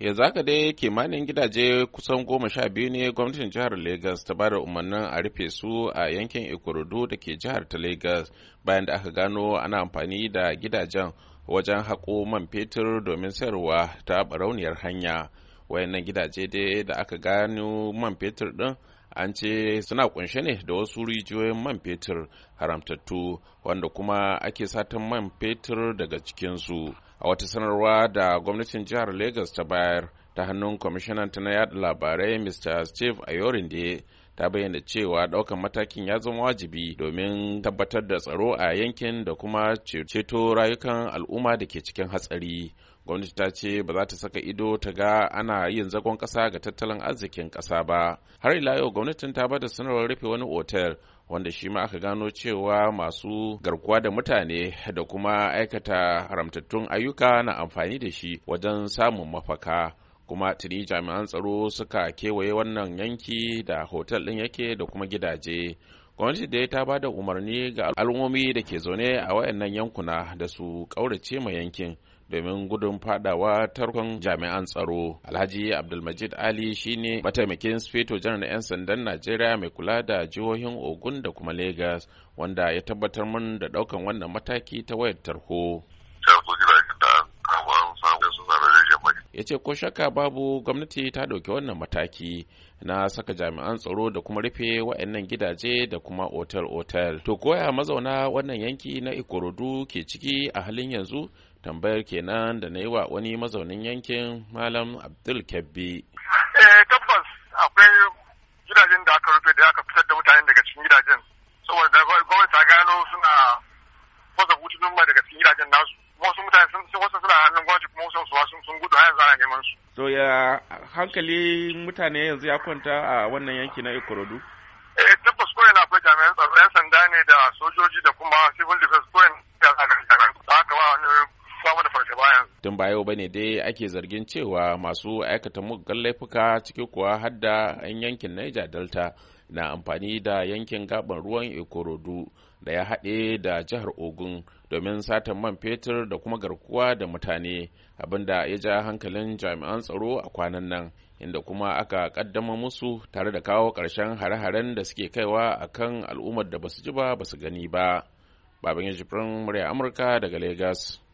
yanzu haka dai kimanin gidaje kusan goma sha biyu ne gwamnatin jihar lagos ta bada umarnin a rufe su a yankin ikorodu da ke jihar ta lagos bayan da aka gano ana amfani da gidajen wajen haƙo man fetur domin sayarwa ta barauniyar hanya wayannan gidaje dai da aka gano man fetur ɗin an ce suna kunshe ne da wasu rijiyoyin man fetur haramtattu wanda kuma ake satan man fetur daga cikinsu a wata sanarwa da gwamnatin jihar lagos ta bayar ta hannun kwamishinanta na yada labarai mr steve ayorinde ta bayyana cewa ɗaukan matakin ya zama wajibi domin tabbatar da tsaro a yankin da kuma ceto rayukan al'umma da ke cikin hatsari gwamnati ta ce ba za ta saka ido ta ga ana yin zagon ƙasa ga tattalin arzikin ƙasa ba har ila yau gwamnatin ta bada sanarwar rufe wani otel wanda shi ma aka gano cewa masu garkuwa da mutane da kuma aikata haramtattun ayyuka na amfani da shi wajen samun mafaka kuma tuni jami'an tsaro suka kewaye wannan yanki da hotel ɗin yake da kuma gidaje gwamnati da ta ba da umarni ga al'ummomi da ke zaune a wayannan yankuna da su ƙaurace ma yankin domin gudun fadawa tarkon jami'an tsaro alhaji abdulmajid ali shine mataimakin sfeto janar 'yan sandan najeriya mai kula da jihohin ogun da kuma Legas wanda ya tabbatar mun da daukan wannan mataki ta wayar tarho ya ce ko shakka babu gwamnati ta ɗauki wannan mataki na saka jami'an tsaro da kuma rufe wa'annan gidaje da kuma otel-otel to koya mazauna wannan yanki na ikorodu ke ciki a halin yanzu tambayar kenan da na yi wa wani mazaunin yankin malam abdul kebbi eh, tabbas akwai gidajen da aka rufe da aka fitar da mutane daga cikin gidajen saboda gwamnati ta gano suna fasa hutun daga cikin gidajen nasu wasu mutane sun wasu su wasu sun gudu yanzu ana neman su to ya hankali mutane yanzu ya kwanta a wannan yanki na ikorodu eh Tun ba yau bane dai ake zargin cewa masu aikata muggan laifuka ciki kuwa hadda 'yan yankin Niger Delta na amfani da yankin gaban ruwan Ikorodu da ya haɗe da jihar Ogun domin satan man fetur da kuma garkuwa da mutane abinda ya ja hankalin jami'an tsaro a kwanan nan inda kuma aka kaddama musu tare da kawo ƙarshen hare-haren da suke kaiwa a kan al'ummar da basu ji ba basu gani ba. Baban Jibrin murya Amurka daga Legas.